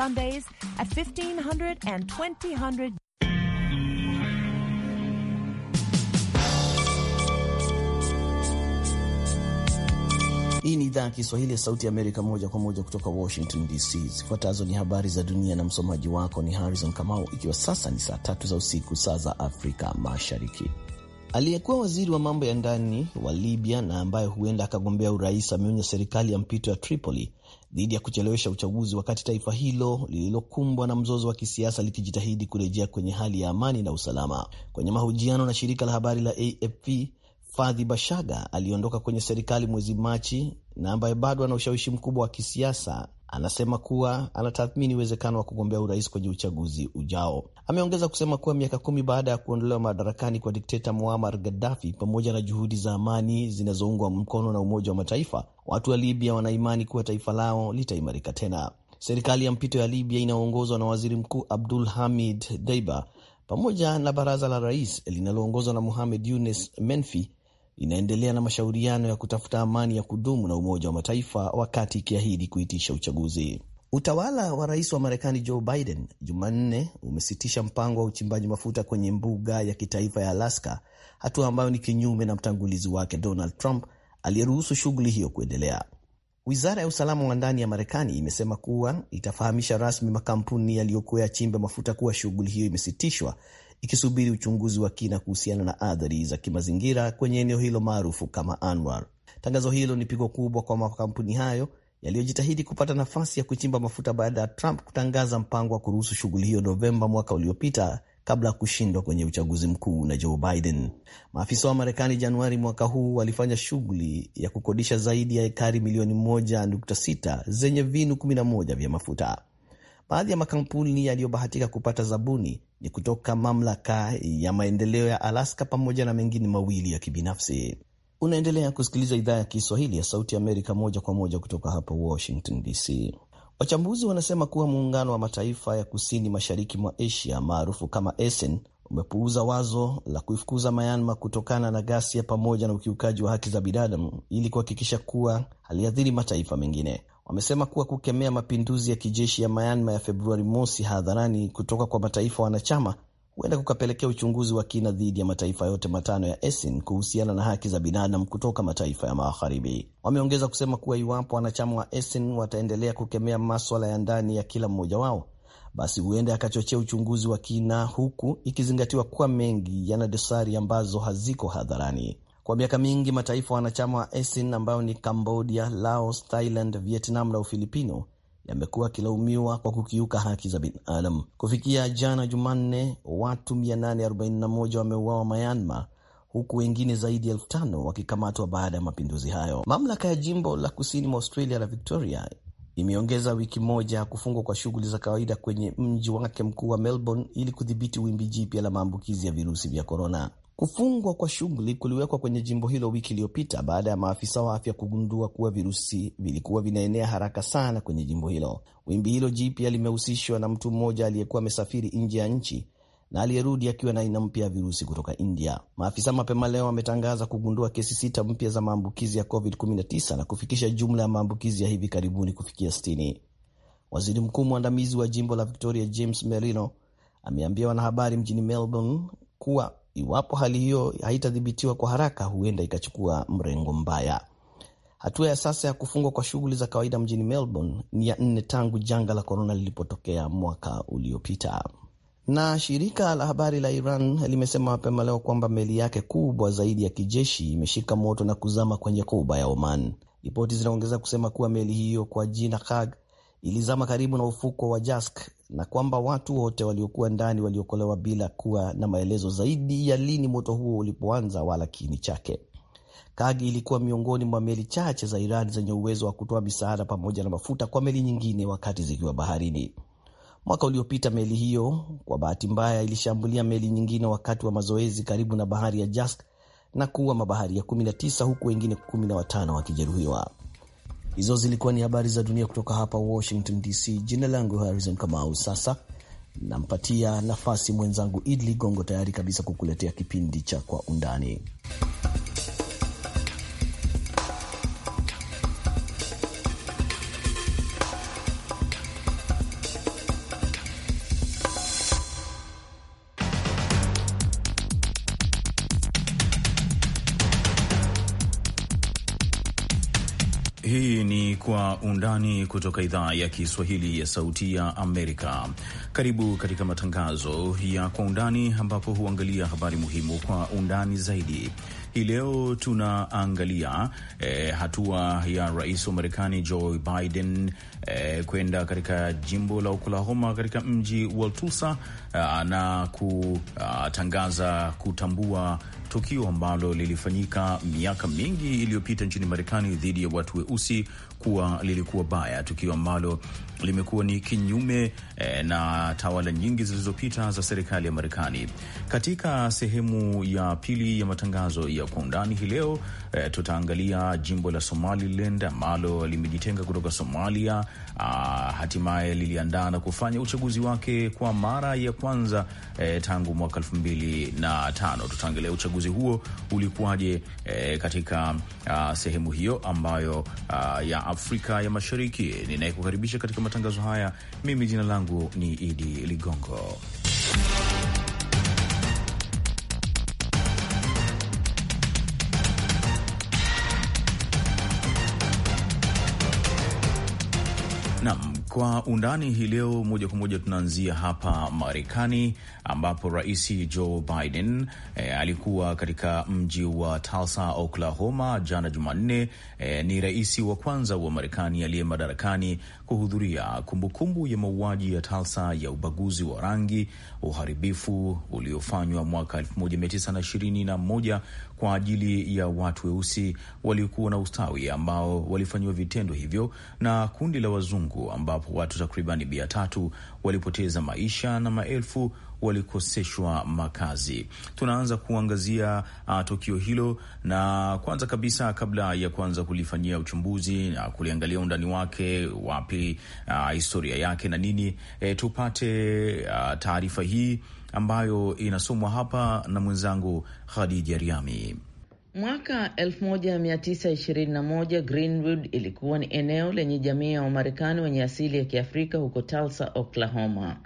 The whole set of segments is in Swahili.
Sundays at 1500 and 2000. Hii ni idhaa ya Kiswahili ya Sauti ya Amerika moja kwa moja kutoka Washington DC. Zifuatazo ni habari za dunia na msomaji wako ni Harrison Kamau, ikiwa sasa ni saa tatu za usiku, saa za Afrika Mashariki. Aliyekuwa waziri wa mambo ya ndani wa Libya na ambaye huenda akagombea urais ameonya serikali ya mpito ya Tripoli dhidi ya kuchelewesha uchaguzi, wakati taifa hilo lililokumbwa na mzozo wa kisiasa likijitahidi kurejea kwenye hali ya amani na usalama. Kwenye mahojiano na shirika la habari la AFP, Fadhi Bashaga aliondoka kwenye serikali mwezi Machi na ambaye bado ana ushawishi mkubwa wa kisiasa anasema kuwa anatathmini uwezekano wa kugombea urais kwenye uchaguzi ujao. Ameongeza kusema kuwa miaka kumi baada ya kuondolewa madarakani kwa dikteta Muammar Gaddafi, pamoja na juhudi za amani zinazoungwa mkono na Umoja wa Mataifa, watu wa Libya wanaimani kuwa taifa lao litaimarika tena. Serikali ya mpito ya Libya inayoongozwa na waziri mkuu Abdul Hamid Deiba pamoja na baraza la rais linaloongozwa na Muhamed Yunis Menfi inaendelea na mashauriano ya kutafuta amani ya kudumu na Umoja wa Mataifa wakati ikiahidi kuitisha uchaguzi. Utawala wa rais wa Marekani Joe Biden Jumanne umesitisha mpango wa uchimbaji mafuta kwenye mbuga ya kitaifa ya Alaska, hatua ambayo ni kinyume na mtangulizi wake Donald Trump aliyeruhusu shughuli hiyo kuendelea. Wizara ya usalama wa ndani ya Marekani imesema kuwa itafahamisha rasmi makampuni yaliyokuwa yachimbe mafuta kuwa shughuli hiyo imesitishwa ikisubiri uchunguzi wa kina kuhusiana na athari za kimazingira kwenye eneo hilo maarufu kama Anwar. Tangazo hilo ni pigo kubwa kwa makampuni hayo yaliyojitahidi kupata nafasi ya kuchimba mafuta baada ya Trump kutangaza mpango wa kuruhusu shughuli hiyo Novemba mwaka uliopita kabla ya kushindwa kwenye uchaguzi mkuu na Joe Biden. Maafisa wa Marekani Januari mwaka huu walifanya shughuli ya kukodisha zaidi ya ekari milioni 1.6 zenye vinu 11 vya mafuta. Baadhi ya makampuni yaliyobahatika kupata zabuni ni kutoka mamlaka ya maendeleo ya Alaska pamoja na mengine mawili ya kibinafsi. Unaendelea kusikiliza idhaa ya Kiswahili ya Sauti Amerika moja kwa moja kutoka hapa Washington DC. Wachambuzi wanasema kuwa muungano wa mataifa ya kusini mashariki mwa Asia maarufu kama ASEAN umepuuza wazo la kuifukuza Myanmar kutokana na ghasia pamoja na ukiukaji wa haki za binadamu ili kuhakikisha kuwa haliathiri mataifa mengine wamesema kuwa kukemea mapinduzi ya kijeshi ya Myanmar ya Februari mosi hadharani kutoka kwa mataifa wanachama huenda kukapelekea uchunguzi wa kina dhidi ya mataifa yote matano ya ASEAN kuhusiana na haki za binadamu kutoka mataifa ya magharibi. Wameongeza kusema kuwa iwapo wanachama wa ASEAN wataendelea kukemea maswala ya ndani ya kila mmoja wao, basi huenda yakachochea uchunguzi wa kina, huku ikizingatiwa kuwa mengi yana dosari ambazo haziko hadharani. Kwa miaka mingi mataifa wanachama wa ASEAN ambayo ni Cambodia, Laos, Thailand, Vietnam na Ufilipino yamekuwa yakilaumiwa kwa kukiuka haki za binadamu. Kufikia jana Jumanne, watu 841 wameuawa Myanmar, huku wengine zaidi ya elfu tano wakikamatwa baada ya mapinduzi hayo. Mamlaka ya jimbo la kusini mwa Australia la Victoria imeongeza wiki moja kufungwa kwa shughuli za kawaida kwenye mji wake mkuu wa Melbourne ili kudhibiti wimbi jipya la maambukizi ya virusi vya korona. Kufungwa kwa shughuli kuliwekwa kwenye jimbo hilo wiki iliyopita baada ya maafisa wa afya kugundua kuwa virusi vilikuwa vinaenea haraka sana kwenye jimbo hilo. Wimbi hilo jipya limehusishwa na mtu mmoja aliyekuwa amesafiri nje ya nchi na aliyerudi akiwa na aina mpya ya virusi kutoka India. Maafisa mapema leo wametangaza kugundua kesi sita mpya za maambukizi ya COVID-19 na kufikisha jumla ya maambukizi ya hivi karibuni kufikia sitini. Waziri mkuu mwandamizi wa jimbo la Victoria James Merino ameambia wanahabari mjini Melbourne kuwa Iwapo hali hiyo haitadhibitiwa kwa haraka, huenda ikachukua mrengo mbaya. Hatua ya sasa ya kufungwa kwa shughuli za kawaida mjini Melbourne ni ya nne tangu janga la korona lilipotokea mwaka uliopita. Na shirika la habari la Iran limesema mapema leo kwamba meli yake kubwa zaidi ya kijeshi imeshika moto na kuzama kwenye kuba ya Oman. Ripoti zinaongeza kusema kuwa meli hiyo kwa jina Kag ilizama karibu na ufukwe wa Jask na kwamba watu wote waliokuwa ndani waliokolewa bila kuwa na maelezo zaidi ya lini moto huo ulipoanza wala kiini chake. Kagi ilikuwa miongoni mwa meli chache za Iran zenye uwezo wa kutoa misaada pamoja na mafuta kwa meli nyingine wakati zikiwa baharini. Mwaka uliopita meli hiyo kwa bahati mbaya ilishambulia meli nyingine wakati wa mazoezi karibu na bahari ya Jask na kuua mabaharia 19 huku wengine 15 wakijeruhiwa. Hizo zilikuwa ni habari za dunia kutoka hapa Washington DC. Jina langu Harrison Kamau. Sasa nampatia nafasi mwenzangu Idli Gongo, tayari kabisa kukuletea kipindi cha Kwa Undani. Undani kutoka idhaa ya Kiswahili ya Sauti ya Amerika. Karibu katika matangazo ya Kwa Undani ambapo huangalia habari muhimu kwa undani zaidi. Hii leo tunaangalia eh, hatua ya rais wa Marekani Joe Biden eh, kwenda katika jimbo la Oklahoma katika mji wa Tulsa uh, na kutangaza ah, kutambua tukio ambalo lilifanyika miaka mingi iliyopita nchini Marekani dhidi ya watu weusi kuwa lilikuwa baya, tukio ambalo limekuwa ni kinyume eh, na tawala nyingi zilizopita za serikali ya Marekani. Katika sehemu ya pili ya matangazo ya kwa undani hii leo e, tutaangalia jimbo la Somaliland ambalo limejitenga kutoka Somalia, ah, hatimaye liliandaa na kufanya uchaguzi wake kwa mara ya kwanza e, tangu mwaka elfu mbili na tano. Tutaangalia uchaguzi huo ulikuwaje e, katika a, ah, sehemu hiyo ambayo a, ah, ya Afrika ya Mashariki. Ninayekukaribisha katika matangazo haya mimi, jina langu ni Idi Ligongo. Kwa undani hii leo, moja kwa moja tunaanzia hapa Marekani, ambapo Rais Joe Biden e, alikuwa katika mji wa Tulsa, Oklahoma jana Jumanne. E, ni rais wa kwanza wa Marekani aliye madarakani kuhudhuria kumbukumbu ya mauaji ya Tulsa ya ubaguzi wa rangi, uharibifu uliofanywa mwaka 1921 kwa ajili ya watu weusi waliokuwa na ustawi ambao walifanyiwa vitendo hivyo na kundi la wazungu, ambapo watu takribani mia tatu walipoteza maisha na maelfu walikoseshwa makazi. Tunaanza kuangazia uh, tukio hilo, na kwanza kabisa, kabla ya kuanza kulifanyia uchambuzi na kuliangalia undani wake, wapi uh, historia yake na nini, e, tupate uh, taarifa hii ambayo inasomwa hapa na mwenzangu Khadija Riami. Mwaka 1921 Greenwood ilikuwa ni eneo lenye jamii ya Wamarekani wenye asili ya Kiafrika huko Tulsa, Oklahoma.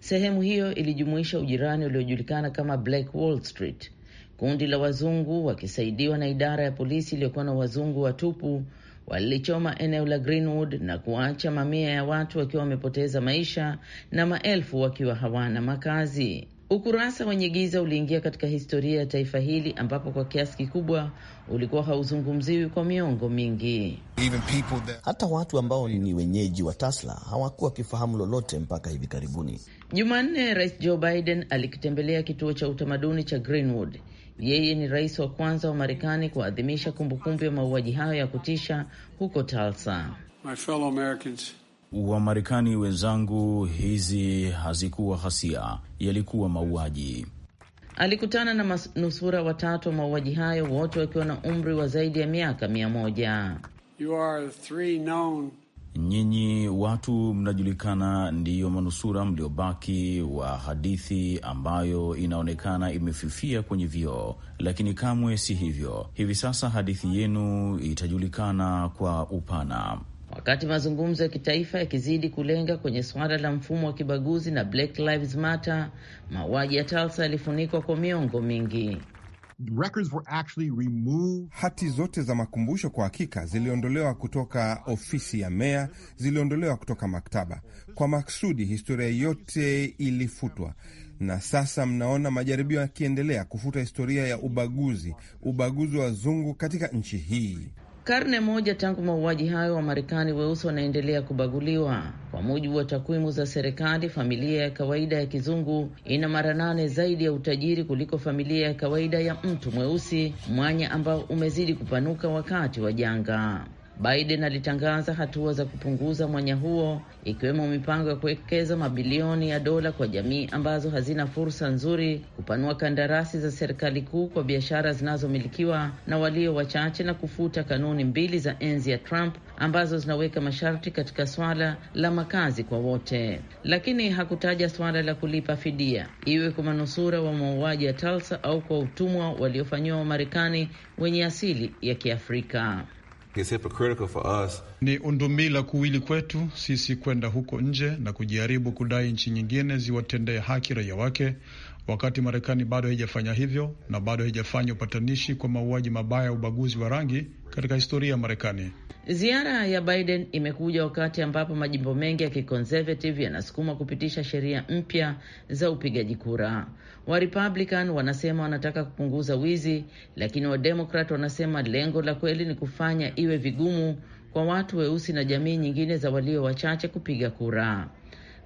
Sehemu hiyo ilijumuisha ujirani uliojulikana kama Black Wall Street. Kundi la wazungu wakisaidiwa na idara ya polisi iliyokuwa na wazungu watupu walichoma eneo la Greenwood na kuacha mamia ya watu wakiwa wamepoteza maisha na maelfu wakiwa hawana makazi. Ukurasa wenye giza uliingia katika historia ya taifa hili ambapo kwa kiasi kikubwa ulikuwa hauzungumziwi kwa miongo mingi. That... hata watu ambao ni wenyeji wa Tesla hawakuwa wakifahamu lolote mpaka hivi karibuni. Jumanne, Rais Joe Biden alikitembelea kituo cha utamaduni cha Greenwood. Yeye ni rais wa kwanza wa Marekani kuadhimisha kumbukumbu ya mauaji hayo ya kutisha huko Tulsa. My fellow Americans wa marekani wenzangu, hizi hazikuwa ghasia, yalikuwa mauaji. Alikutana na manusura watatu wa mauaji hayo, wote wakiwa na umri wa zaidi ya miaka mia moja. Nyinyi watu mnajulikana, ndiyo manusura mliobaki wa hadithi ambayo inaonekana imefifia kwenye vioo, lakini kamwe si hivyo. Hivi sasa hadithi yenu itajulikana kwa upana. Wakati mazungumzo ya kitaifa yakizidi kulenga kwenye suala la mfumo wa kibaguzi na Black Lives Matter, mauaji ya Tulsa yalifunikwa kwa miongo mingi. Hati zote za makumbusho kwa hakika ziliondolewa kutoka ofisi ya meya, ziliondolewa kutoka maktaba kwa maksudi. Historia yote ilifutwa, na sasa mnaona majaribio yakiendelea kufuta historia ya ubaguzi, ubaguzi wa wazungu katika nchi hii. Karne moja tangu mauaji hayo, Wamarekani weusi wanaendelea kubaguliwa. Kwa mujibu wa takwimu za serikali, familia ya kawaida ya kizungu ina mara nane zaidi ya utajiri kuliko familia ya kawaida ya mtu mweusi, mwanya ambao umezidi kupanuka wakati wa janga. Biden alitangaza hatua za kupunguza mwanya huo, ikiwemo mipango ya kuwekeza mabilioni ya dola kwa jamii ambazo hazina fursa nzuri, kupanua kandarasi za serikali kuu kwa biashara zinazomilikiwa na walio wachache, na kufuta kanuni mbili za enzi ya Trump ambazo zinaweka masharti katika swala la makazi kwa wote, lakini hakutaja swala la kulipa fidia, iwe kwa manusura wa mauaji ya Tulsa au kwa utumwa waliofanyiwa Wamarekani wenye asili ya Kiafrika. It's hypocritical for us. Ni undumila kuwili kwetu sisi kwenda huko nje na kujaribu kudai nchi nyingine ziwatendee haki raia wake, wakati Marekani bado haijafanya hivyo na bado haijafanya upatanishi kwa mauaji mabaya ya ubaguzi wa rangi katika historia ya Marekani. Ziara ya Biden imekuja wakati ambapo majimbo mengi ya kiconservative yanasukuma kupitisha sheria mpya za upigaji kura. Wa Republican wanasema wanataka kupunguza wizi, lakini Wademokrat wanasema lengo la kweli ni kufanya iwe vigumu kwa watu weusi na jamii nyingine za walio wachache kupiga kura.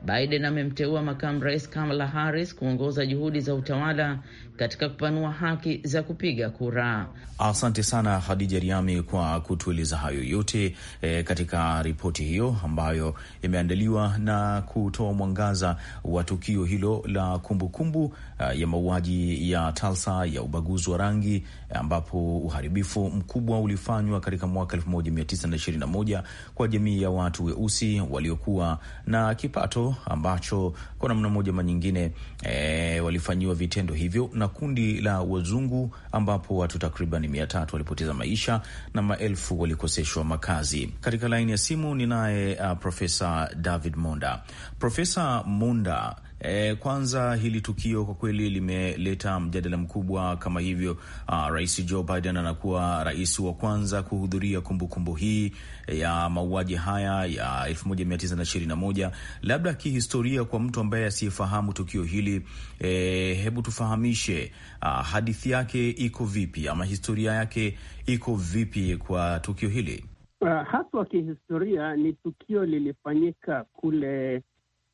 Biden amemteua makamu rais Kamala Harris kuongoza juhudi za utawala katika kupanua haki za kupiga kura. Asante sana hadija Riami kwa kutueleza hayo yote e, katika ripoti hiyo ambayo imeandaliwa na kutoa mwangaza wa tukio hilo la kumbukumbu kumbu, e, ya mauaji ya Tulsa ya ubaguzi wa rangi ambapo uharibifu mkubwa ulifanywa katika mwaka 1921 kwa jamii ya watu weusi waliokuwa na kipato ambacho kwa namna moja manyingine e, walifanyiwa vitendo hivyo na na kundi la wazungu ambapo watu takriban mia tatu walipoteza maisha na maelfu walikoseshwa makazi. Katika laini ya simu ninaye uh, Profesa David Monda. Profesa Monda, E, kwanza hili tukio kwa kweli limeleta mjadala mkubwa kama hivyo. Uh, Rais Joe Biden anakuwa rais wa kwanza kuhudhuria kumbukumbu hii ya mauaji haya ya 1921. Labda kihistoria, kwa mtu ambaye asiyefahamu tukio hili e, hebu tufahamishe, uh, hadithi yake iko vipi ama historia yake iko vipi kwa tukio hili? Uh, haswa kihistoria ni tukio lilifanyika kule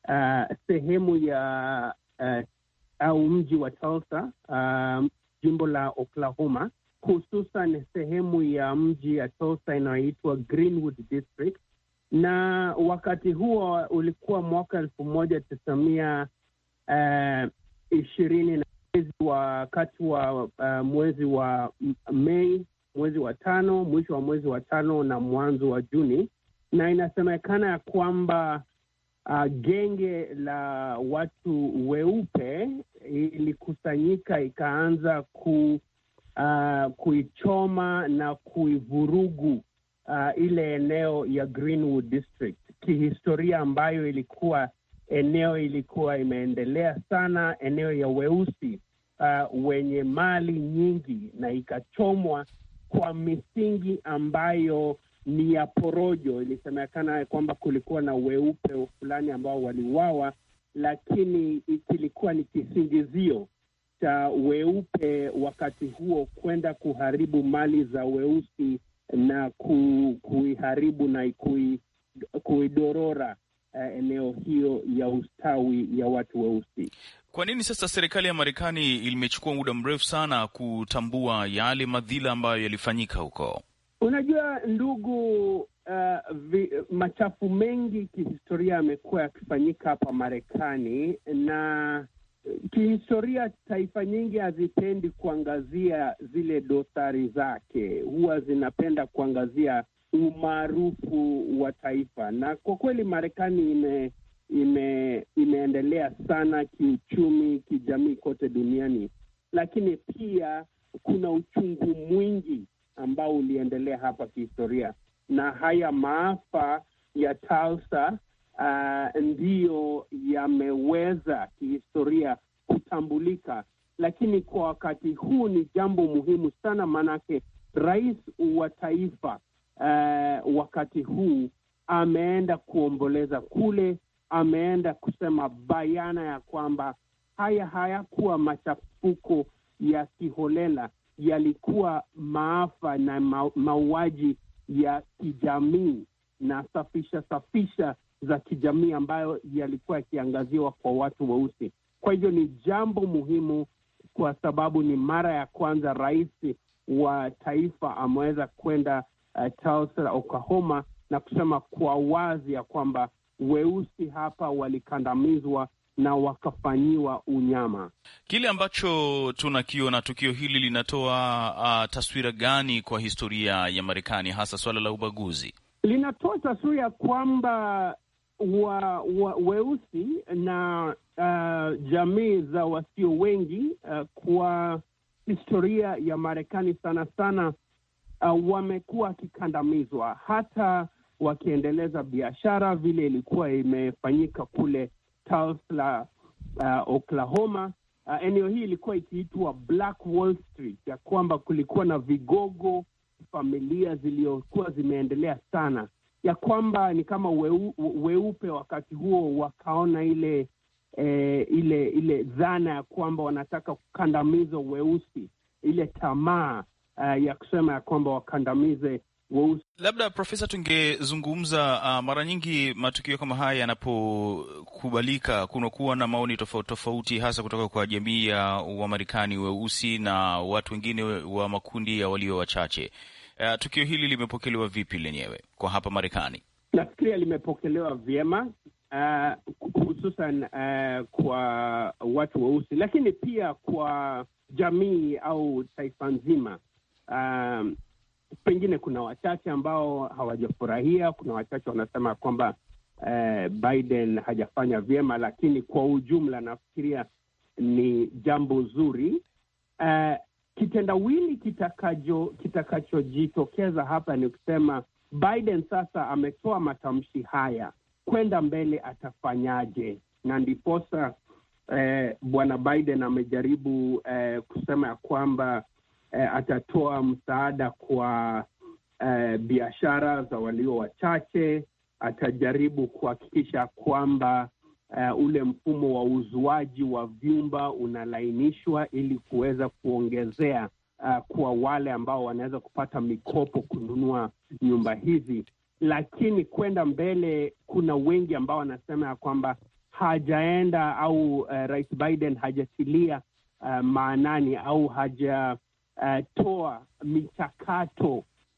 uh, sehemu ya uh, au mji wa Tulsa uh, jimbo la Oklahoma, hususan sehemu ya mji ya Tulsa inayoitwa Greenwood District, na wakati huo ulikuwa mwaka elfu moja tisamia uh, ishirini na wakati wa uh, mwezi wa Mei, mwezi wa tano, mwisho wa mwezi wa tano na mwanzo wa Juni, na inasemekana ya kwamba uh, genge la watu weupe ilikusanyika ikaanza ku uh, kuichoma na kuivurugu uh, ile eneo ya Greenwood District kihistoria, ambayo ilikuwa eneo ilikuwa imeendelea sana, eneo ya weusi uh, wenye mali nyingi, na ikachomwa kwa misingi ambayo ni ya porojo. Ilisemekana kwamba kulikuwa na weupe fulani ambao waliuawa, lakini kilikuwa ni kisingizio cha weupe wakati huo kwenda kuharibu mali za weusi na ku, kuiharibu na kui, kuidorora uh, eneo hiyo ya ustawi ya watu weusi. Kwa nini sasa serikali ya Marekani ilimechukua muda mrefu sana kutambua yale madhila ambayo yalifanyika huko? Unajua ndugu, uh, vi, machafu mengi kihistoria yamekuwa yakifanyika hapa Marekani, na kihistoria taifa nyingi hazipendi kuangazia zile dosari zake, huwa zinapenda kuangazia umaarufu wa taifa, na kwa kweli Marekani ime, ime, imeendelea sana kiuchumi, kijamii kote duniani, lakini pia kuna uchungu mwingi ambao uliendelea hapa kihistoria, na haya maafa ya Tulsa uh, ndiyo yameweza kihistoria kutambulika, lakini kwa wakati huu ni jambo muhimu sana, maanake rais wa taifa uh, wakati huu ameenda kuomboleza kule, ameenda kusema bayana ya kwamba haya hayakuwa machafuko ya kiholela, yalikuwa maafa na mauaji ya kijamii na safisha safisha za kijamii ambayo yalikuwa yakiangaziwa kwa watu weusi. Kwa hivyo ni jambo muhimu, kwa sababu ni mara ya kwanza rais wa taifa ameweza kwenda uh, Tulsa, Oklahoma na kusema kwa wazi ya kwamba weusi hapa walikandamizwa na wakafanyiwa unyama. Kile ambacho tunakiona tukio hili linatoa uh, taswira gani kwa historia ya Marekani, hasa suala la ubaguzi? Linatoa taswira ya kwamba wa, wa, weusi na uh, jamii za wasio wengi uh, kwa historia ya Marekani sana sana uh, wamekuwa wakikandamizwa hata wakiendeleza biashara vile ilikuwa imefanyika kule Tulsa uh, Oklahoma. Uh, eneo hii ilikuwa ikiitwa Black Wall Street, ya kwamba kulikuwa na vigogo, familia zilizokuwa zimeendelea sana, ya kwamba ni kama weu, weupe wakati huo wakaona ile eh, ile ile dhana ya kwamba wanataka kukandamiza weusi, ile tamaa uh, ya kusema ya kwamba wakandamize weusi. Labda Profesa, tungezungumza uh, mara nyingi matukio kama haya yanapokubalika, kunakuwa na maoni tofauti tofauti, hasa kutoka kwa jamii ya Wamarekani weusi na watu wengine wa makundi ya walio wachache. Uh, tukio hili limepokelewa vipi lenyewe kwa hapa Marekani? Nafikiria limepokelewa vyema uh, hususan uh, kwa watu weusi, lakini pia kwa jamii au taifa nzima. Um, pengine kuna wachache ambao hawajafurahia. Kuna wachache wanasema kwamba eh, Biden hajafanya vyema, lakini kwa ujumla nafikiria ni jambo zuri eh, kitendawili kitakachojitokeza hapa ni kusema Biden sasa ametoa matamshi haya, kwenda mbele atafanyaje? Na ndiposa eh, bwana Biden amejaribu eh, kusema ya kwamba eh, atatoa msaada kwa eh, biashara za walio wachache. Atajaribu kuhakikisha kwamba eh, ule mfumo wa uzuaji wa vyumba unalainishwa ili kuweza kuongezea eh, kwa wale ambao wanaweza kupata mikopo kununua nyumba hizi, lakini kwenda mbele, kuna wengi ambao wanasema ya kwamba hajaenda au uh, Rais Biden hajatilia uh, maanani au haja uh, toa michakato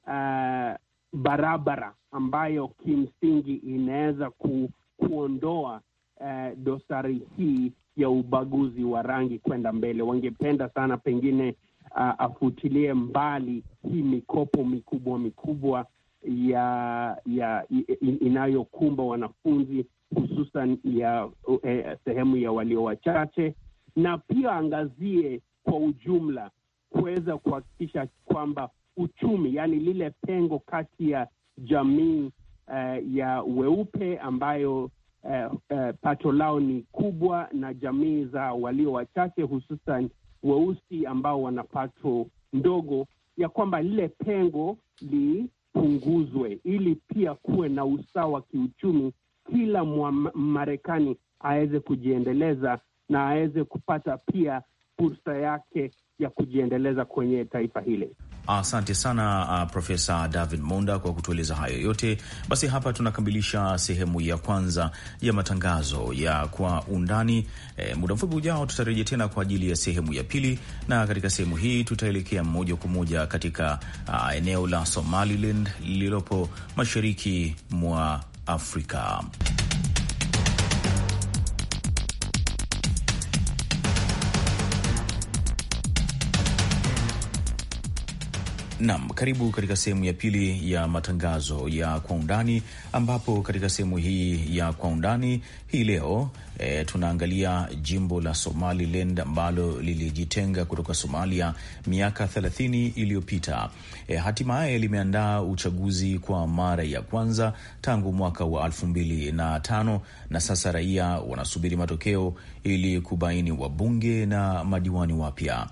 uh, barabara ambayo kimsingi inaweza ku, kuondoa uh, dosari hii ya ubaguzi wa rangi kwenda mbele. Wangependa sana pengine uh, afutilie mbali hii mikopo mikubwa mikubwa ya ya inayokumba wanafunzi hususan ya eh, sehemu ya walio wachache, na pia angazie kwa ujumla kuweza kuhakikisha kwamba uchumi, yaani lile pengo kati ya jamii uh, ya weupe ambayo uh, uh, pato lao ni kubwa na jamii za walio wachache hususan weusi ambao wana pato ndogo, ya kwamba lile pengo lipunguzwe ili pia kuwe na usawa kiuchumi, kila marekani aweze kujiendeleza na aweze kupata pia fursa yake ya kujiendeleza kwenye taifa hili. Asante sana uh, Profesa David Monda kwa kutueleza hayo yote. Basi hapa tunakamilisha sehemu ya kwanza ya matangazo ya kwa undani. E, muda mfupi ujao tutarejea tena kwa ajili ya sehemu ya pili, na katika sehemu hii tutaelekea moja kwa moja katika uh, eneo la Somaliland lililopo mashariki mwa Afrika. Nam, karibu katika sehemu ya pili ya matangazo ya kwa undani, ambapo katika sehemu hii ya kwa undani hii leo e, tunaangalia jimbo la Somaliland ambalo lilijitenga kutoka Somalia miaka 30 iliyopita. E, hatimaye limeandaa uchaguzi kwa mara ya kwanza tangu mwaka wa 25 na na sasa raia wanasubiri matokeo ili kubaini wabunge na madiwani wapya.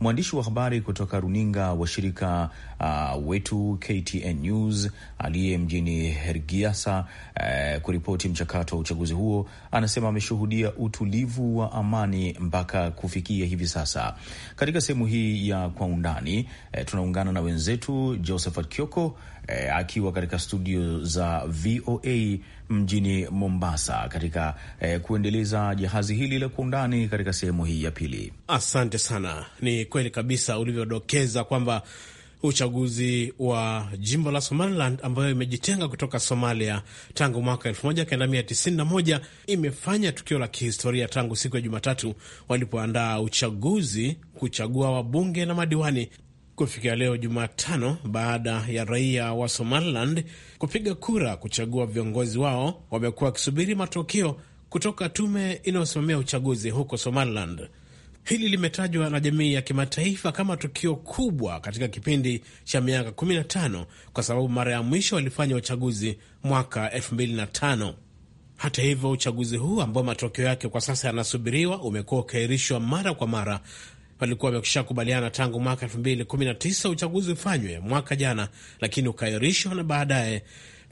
Mwandishi wa habari kutoka runinga wa shirika uh, wetu KTN News aliye mjini Hergiasa uh, kuripoti mchakato wa uchaguzi huo anasema kushuhudia utulivu wa amani mpaka kufikia hivi sasa. Katika sehemu hii ya kwa undani e, tunaungana na wenzetu Josephat Kioko e, akiwa katika studio za VOA mjini Mombasa katika eh, kuendeleza jahazi hili la kwa undani katika sehemu hii ya pili. Asante sana. Ni kweli kabisa ulivyodokeza kwamba uchaguzi wa jimbo la Somaliland ambayo imejitenga kutoka Somalia tangu mwaka 1991 imefanya tukio la kihistoria tangu siku ya Jumatatu walipoandaa uchaguzi kuchagua wabunge na madiwani kufikia leo Jumatano, baada ya raia wa Somaliland kupiga kura kuchagua viongozi wao, wamekuwa wakisubiri matokeo kutoka tume inayosimamia uchaguzi huko Somaliland. Hili limetajwa na jamii ya kimataifa kama tukio kubwa katika kipindi cha miaka 15 kwa sababu mara ya mwisho walifanya uchaguzi mwaka 2005. Hata hivyo, uchaguzi huu ambao matokeo yake kwa sasa yanasubiriwa umekuwa ukiahirishwa mara kwa mara. Walikuwa wameshakubaliana tangu mwaka 2019 uchaguzi ufanywe mwaka jana, lakini ukaahirishwa na baadaye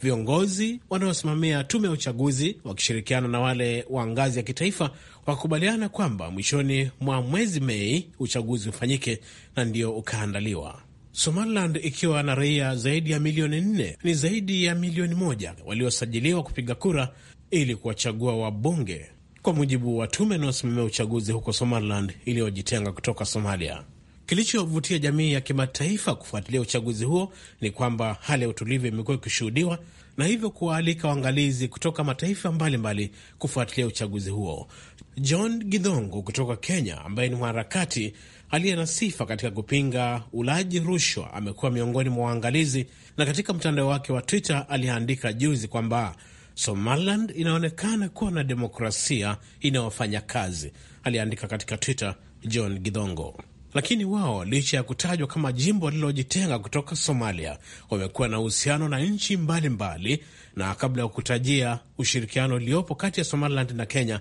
viongozi wanaosimamia tume ya uchaguzi wakishirikiana na wale wa ngazi ya kitaifa wakakubaliana kwamba mwishoni mwa mwezi Mei uchaguzi ufanyike na ndio ukaandaliwa. Somaliland ikiwa na raia zaidi ya milioni nne, ni zaidi ya milioni moja waliosajiliwa kupiga kura ili kuwachagua wabunge, kwa mujibu wa tume inayosimamia uchaguzi huko Somaliland iliyojitenga kutoka Somalia. Kilichovutia jamii ya kimataifa kufuatilia uchaguzi huo ni kwamba hali ya utulivu imekuwa ikishuhudiwa na hivyo kuwaalika waangalizi kutoka mataifa mbalimbali mbali kufuatilia uchaguzi huo. John Gidhongo kutoka Kenya, ambaye ni mwanaharakati aliye na sifa katika kupinga ulaji rushwa, amekuwa miongoni mwa waangalizi, na katika mtandao wake wa Twitter aliandika juzi kwamba Somaliland inaonekana kuwa na demokrasia inayofanya kazi. Aliandika katika Twitter John Gidhongo. Lakini wao licha ya kutajwa kama jimbo lililojitenga kutoka Somalia, wamekuwa na uhusiano na nchi mbalimbali, na kabla ya kutajia ushirikiano uliopo kati ya Somaliland na Kenya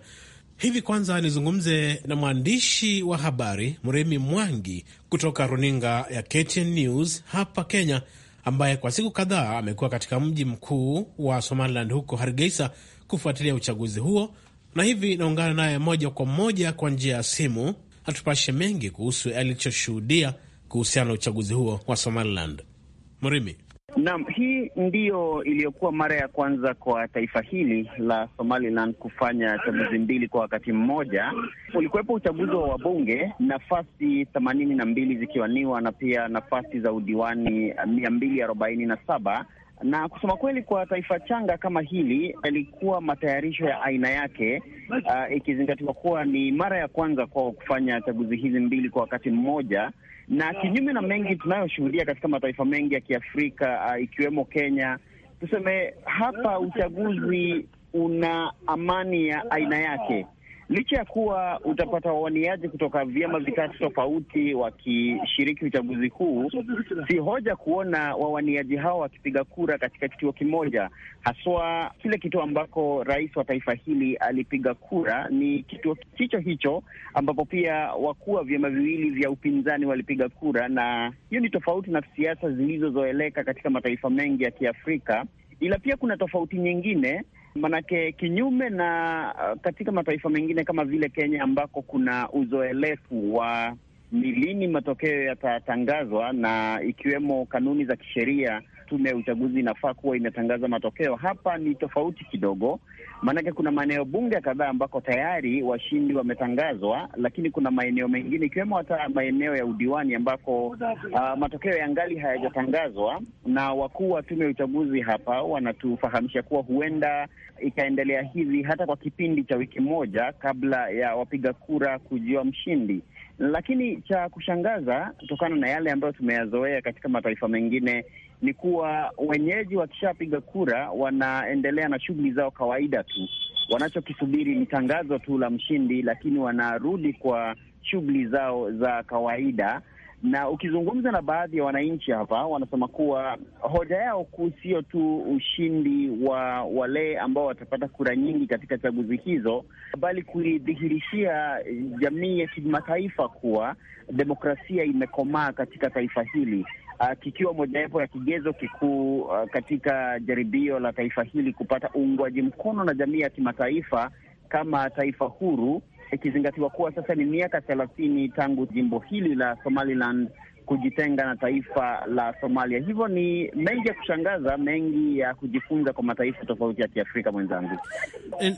hivi kwanza nizungumze na mwandishi wa habari Mremi Mwangi kutoka runinga ya KTN News hapa Kenya, ambaye kwa siku kadhaa amekuwa katika mji mkuu wa Somaliland huko Hargeisa kufuatilia uchaguzi huo, na hivi naungana naye moja kwa moja kwa njia ya simu atupashe mengi kuhusu alichoshuhudia kuhusiana na uchaguzi huo wa Somaliland. Mrimi. Naam, hii ndiyo iliyokuwa mara ya kwanza kwa taifa hili la Somaliland kufanya chaguzi mbili kwa wakati mmoja. Ulikuwepo uchaguzi wa wabunge, nafasi themanini na mbili zikiwaniwa na pia nafasi za udiwani mia mbili arobaini na saba na kusema kweli, kwa taifa changa kama hili, yalikuwa matayarisho ya aina yake, uh, ikizingatiwa kuwa ni mara ya kwanza kwao kufanya chaguzi hizi mbili kwa wakati mmoja, na kinyume na mengi tunayoshuhudia katika mataifa mengi ya Kiafrika, uh, ikiwemo Kenya, tuseme hapa uchaguzi una amani ya aina yake licha ya kuwa utapata wawaniaji kutoka vyama vitatu tofauti wakishiriki uchaguzi huu, si hoja kuona wawaniaji hao wakipiga kura katika kituo kimoja, haswa kile kituo ambako rais wa taifa hili alipiga kura ni kituo hicho hicho ambapo pia wakuu wa vyama viwili vya upinzani walipiga kura, na hiyo ni tofauti na siasa zilizozoeleka katika mataifa mengi ya Kiafrika. Ila pia kuna tofauti nyingine Manake kinyume na uh, katika mataifa mengine kama vile Kenya ambako kuna uzoelefu wa ni lini matokeo yatatangazwa na ikiwemo kanuni za kisheria tume ya uchaguzi inafaa kuwa imetangaza matokeo. Hapa ni tofauti kidogo, maanake kuna maeneo bunge kadhaa ambako tayari washindi wametangazwa, lakini kuna maeneo mengine ikiwemo hata maeneo ya udiwani ambako uh, matokeo ya ngali hayajatangazwa, na wakuu wa tume ya uchaguzi hapa wanatufahamisha kuwa huenda ikaendelea hivi hata kwa kipindi cha wiki moja kabla ya wapiga kura kujua mshindi lakini cha kushangaza kutokana na yale ambayo tumeyazoea katika mataifa mengine ni kuwa wenyeji wakishapiga kura wanaendelea na shughuli zao kawaida tu. Wanachokisubiri ni tangazo tu la mshindi, lakini wanarudi kwa shughuli zao za kawaida. Na ukizungumza na baadhi ya wananchi hapa, wanasema kuwa hoja yao kuu sio tu ushindi wa wale ambao watapata kura nyingi katika chaguzi hizo, bali kuidhihirishia jamii ya kimataifa kuwa demokrasia imekomaa katika taifa hili uh, kikiwa mojawapo ya kigezo kikuu uh, katika jaribio la taifa hili kupata uungwaji mkono na jamii ya kimataifa kama taifa huru, ikizingatiwa kuwa sasa ni miaka thelathini tangu jimbo hili la Somaliland kujitenga na taifa la Somalia. Hivyo ni mengi ya kushangaza, mengi ya kujifunza kwa mataifa tofauti ya Kiafrika. Mwenzangu,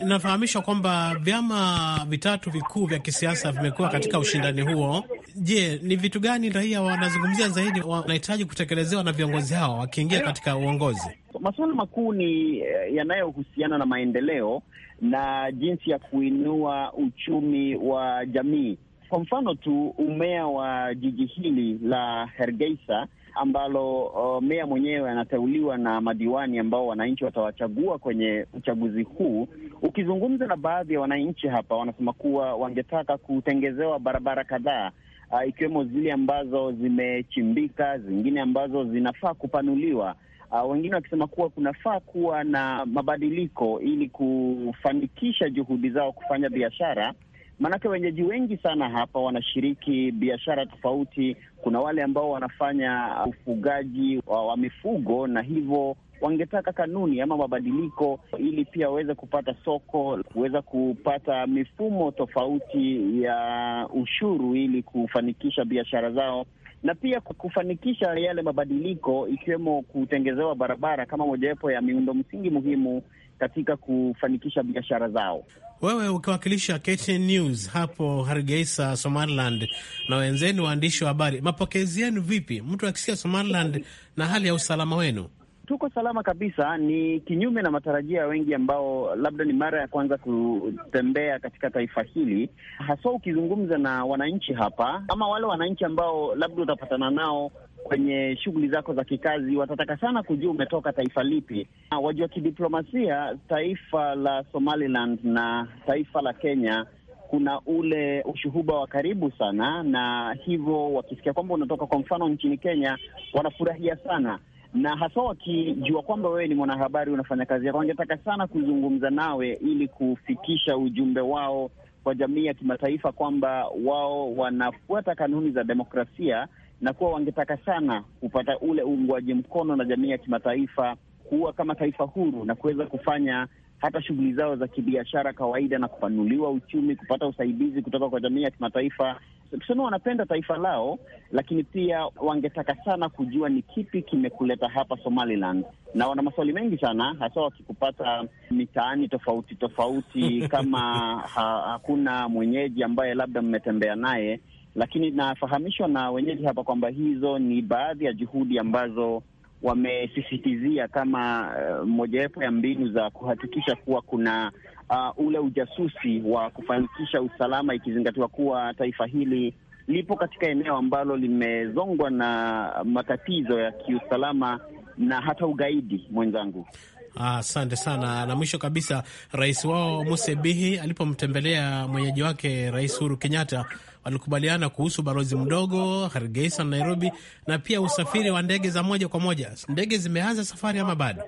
inafahamishwa eh, kwamba vyama vitatu vikuu vya kisiasa vimekuwa katika ushindani huo. Je, ni vitu gani raia wanazungumzia zaidi, wanahitaji kutekelezewa na viongozi hao wakiingia katika uongozi? Masuala makuu ni eh, yanayohusiana na maendeleo na jinsi ya kuinua uchumi wa jamii kwa mfano tu umea wa jiji hili la Hergeisa ambalo uh, meya mwenyewe anateuliwa na madiwani ambao wananchi watawachagua kwenye uchaguzi huu. Ukizungumza na baadhi ya wananchi hapa, wanasema kuwa wangetaka kutengezewa barabara kadhaa uh, ikiwemo zile ambazo zimechimbika, zingine ambazo zinafaa kupanuliwa. Uh, wengine wakisema kuwa kunafaa kuwa na mabadiliko ili kufanikisha juhudi zao kufanya biashara maanake wenyeji wengi sana hapa wanashiriki biashara tofauti. Kuna wale ambao wanafanya ufugaji wa mifugo na hivyo wangetaka kanuni ama mabadiliko ili pia waweze kupata soko, kuweza kupata mifumo tofauti ya ushuru ili kufanikisha biashara zao na pia kufanikisha yale mabadiliko ikiwemo kutengezewa barabara kama mojawapo ya miundo msingi muhimu katika kufanikisha biashara zao. Wewe ukiwakilisha KTN News hapo Hargeisa, Somaliland, na wenzeni waandishi wa habari, mapokezi yenu vipi? Mtu akisikia Somaliland na hali ya usalama wenu? Tuko salama kabisa, ni kinyume na matarajio ya wengi ambao labda ni mara ya kwanza kutembea katika taifa hili, haswa ukizungumza na wananchi hapa ama wale wananchi ambao labda utapatana nao kwenye shughuli zako za kikazi, watataka sana kujua umetoka taifa lipi. Wajua kidiplomasia, taifa la Somaliland na taifa la Kenya kuna ule ushuhuba wa karibu sana, na hivyo wakisikia kwamba unatoka kwa mfano nchini Kenya wanafurahia sana, na hasa wakijua kwamba wewe ni mwanahabari unafanya kazi yako, wangetaka sana kuzungumza nawe ili kufikisha ujumbe wao kwa jamii ya kimataifa kwamba wao wanafuata kanuni za demokrasia na kuwa wangetaka sana kupata ule uungwaji mkono na jamii ya kimataifa kuwa kama taifa huru na kuweza kufanya hata shughuli zao za kibiashara kawaida na kupanuliwa uchumi, kupata usaidizi kutoka kwa jamii ya kimataifa. Tuseme wanapenda taifa lao, lakini pia wangetaka sana kujua ni kipi kimekuleta hapa Somaliland, na wana maswali mengi sana, hasa wakikupata mitaani tofauti tofauti kama ha, hakuna mwenyeji ambaye labda mmetembea naye lakini nafahamishwa na wenyeji hapa kwamba hizo ni baadhi ya juhudi ambazo wamesisitizia kama uh, mojawapo ya mbinu za kuhakikisha kuwa kuna uh, ule ujasusi wa kufanikisha usalama, ikizingatiwa kuwa taifa hili lipo katika eneo ambalo limezongwa na matatizo ya kiusalama na hata ugaidi. Mwenzangu Ah, asante ah, sana. Na mwisho kabisa, rais wao Musebihi alipomtembelea mwenyeji wake Rais Uhuru Kenyatta walikubaliana kuhusu balozi mdogo Hargeisa Nairobi, na pia usafiri wa ndege za moja kwa moja. Ndege zimeanza safari ama bado?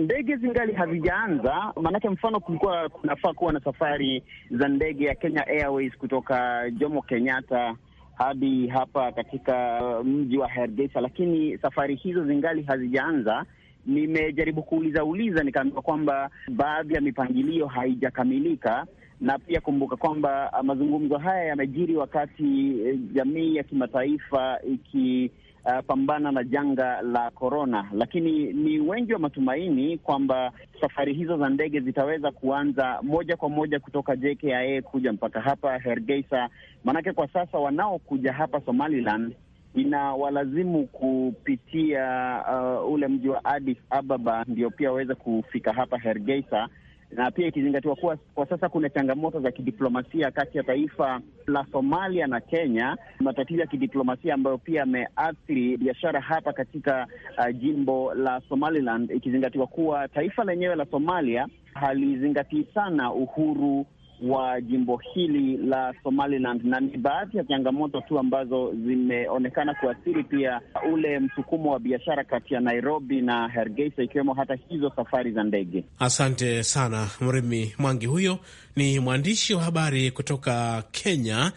Ndege zingali hazijaanza, maanake mfano kulikuwa kunafaa kuwa na safari za ndege ya Kenya Airways kutoka Jomo Kenyatta hadi hapa katika uh, mji wa Hargeisa, lakini safari hizo zingali hazijaanza nimejaribu kuuliza uliza, nikaambiwa kwamba baadhi ya mipangilio haijakamilika, na pia kumbuka kwamba ah, mazungumzo haya yamejiri wakati eh, jamii ya kimataifa iki Uh, pambana na janga la korona, lakini ni wengi wa matumaini kwamba safari hizo za ndege zitaweza kuanza moja kwa moja kutoka JKIA kuja mpaka hapa Hergeisa, maanake kwa sasa wanaokuja hapa Somaliland inawalazimu kupitia uh, ule mji wa Addis Ababa ndio pia waweze kufika hapa Hergeisa, na pia ikizingatiwa kuwa kwa sasa kuna changamoto za kidiplomasia kati ya taifa la Somalia na Kenya, matatizo ya kidiplomasia ambayo pia yameathiri biashara hapa katika uh, jimbo la Somaliland, ikizingatiwa kuwa taifa lenyewe la Somalia halizingatii sana uhuru wa jimbo hili la Somaliland, na ni baadhi ya changamoto tu ambazo zimeonekana kuathiri pia ule msukumo wa biashara kati ya Nairobi na Hargeisa, ikiwemo hata hizo safari za ndege. Asante sana Mrimi Mwangi. Huyo ni mwandishi wa habari kutoka Kenya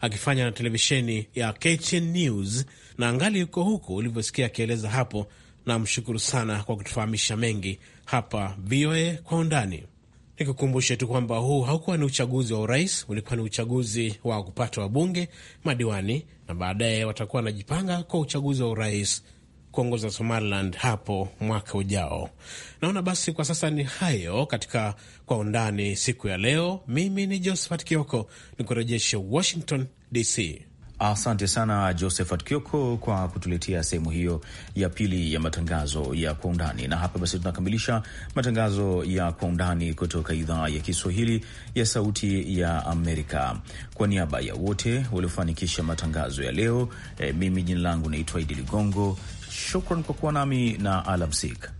akifanya na televisheni ya KTN News, na angali yuko huku ulivyosikia akieleza hapo. Namshukuru sana kwa kutufahamisha mengi hapa VOA kwa undani. Nikukumbushe tu kwamba huu haukuwa ni uchaguzi wa urais, ulikuwa ni uchaguzi wa kupata wabunge, madiwani na baadaye watakuwa wanajipanga kwa uchaguzi wa urais kuongoza Somaliland hapo mwaka ujao. Naona basi kwa sasa ni hayo katika Kwa Undani siku ya leo. Mimi ni Josephat Kioko, nikurejeshe Washington DC. Asante sana Josephat Kioko kwa kutuletea sehemu hiyo ya pili ya matangazo ya kwa undani. Na hapa basi tunakamilisha matangazo ya kwa undani kutoka idhaa ya Kiswahili ya Sauti ya Amerika. Kwa niaba ya wote waliofanikisha matangazo ya leo, eh, mimi jina langu naitwa Idi Ligongo. Shukran kwa kuwa nami na alamsik.